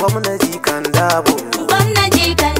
gwamnati kan dabo Gwamnati jikan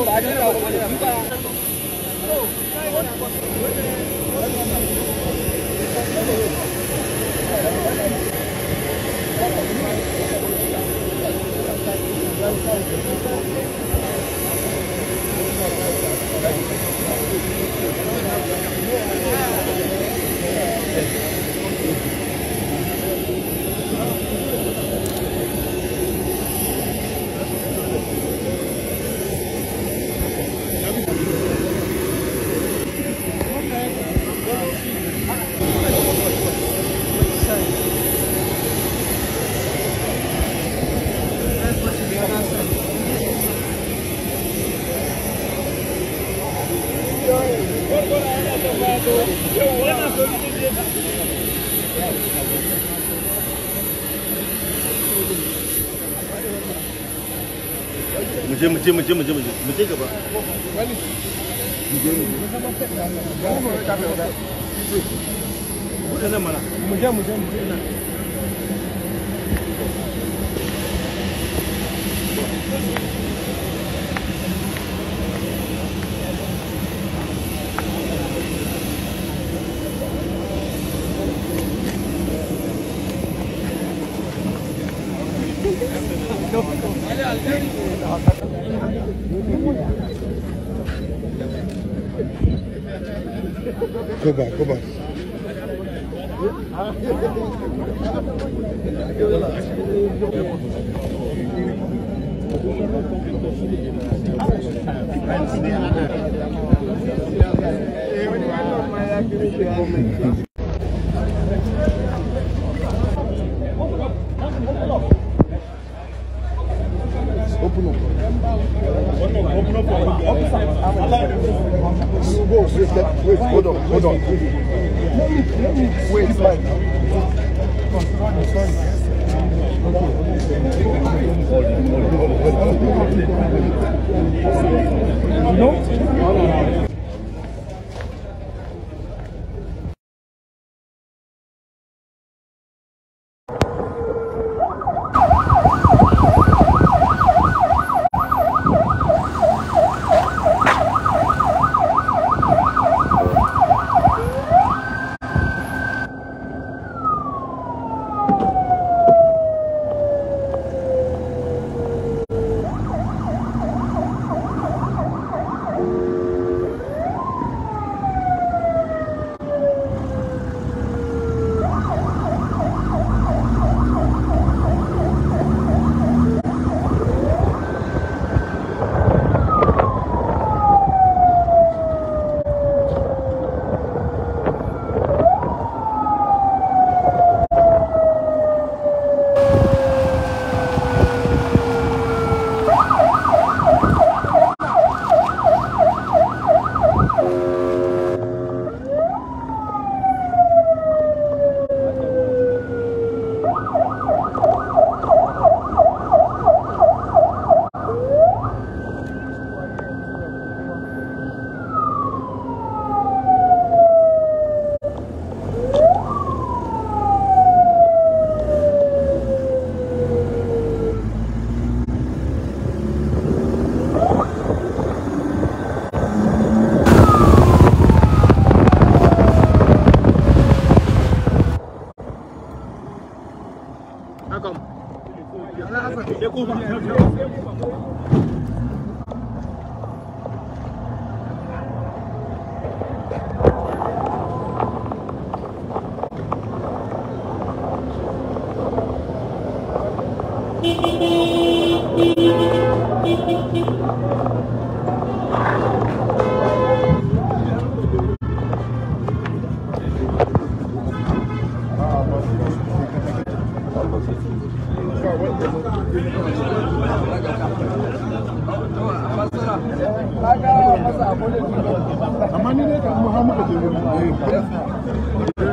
horário de tal. 木鸡木鸡木鸡木鸡木鸡，木鸡吧？木鸡。木鸡。Go back, go back. Thank you. Wait, hold on, hold on. Wait, No. You amma ni ne ka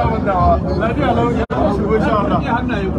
da wanda lafiya lau ya shigo insha Allah ya hannaye ku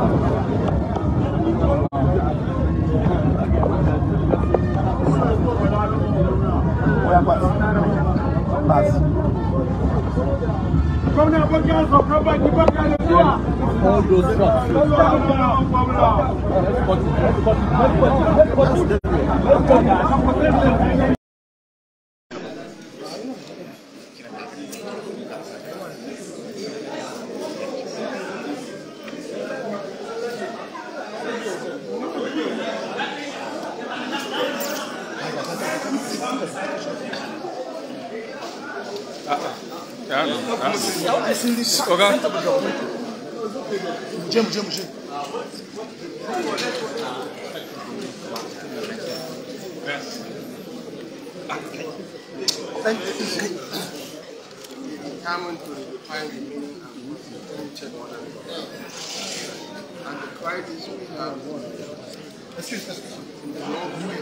Gwamna baka sauka baki baka da zuwa. All those shots. Gwamna. Ja, ja. Koga? Jim, Jim, Jim. Determined to redefine the meaning and root of limited modern and the crisis we have in the long way.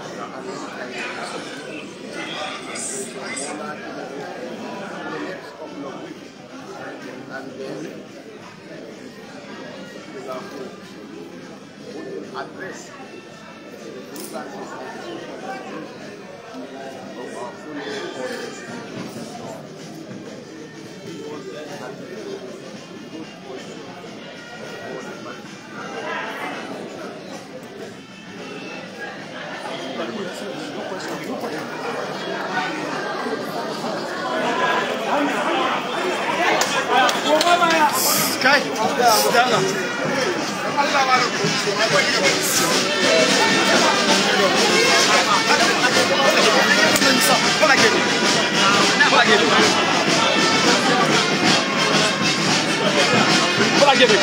Thank you. address kai dana Allah ba Bana gebe,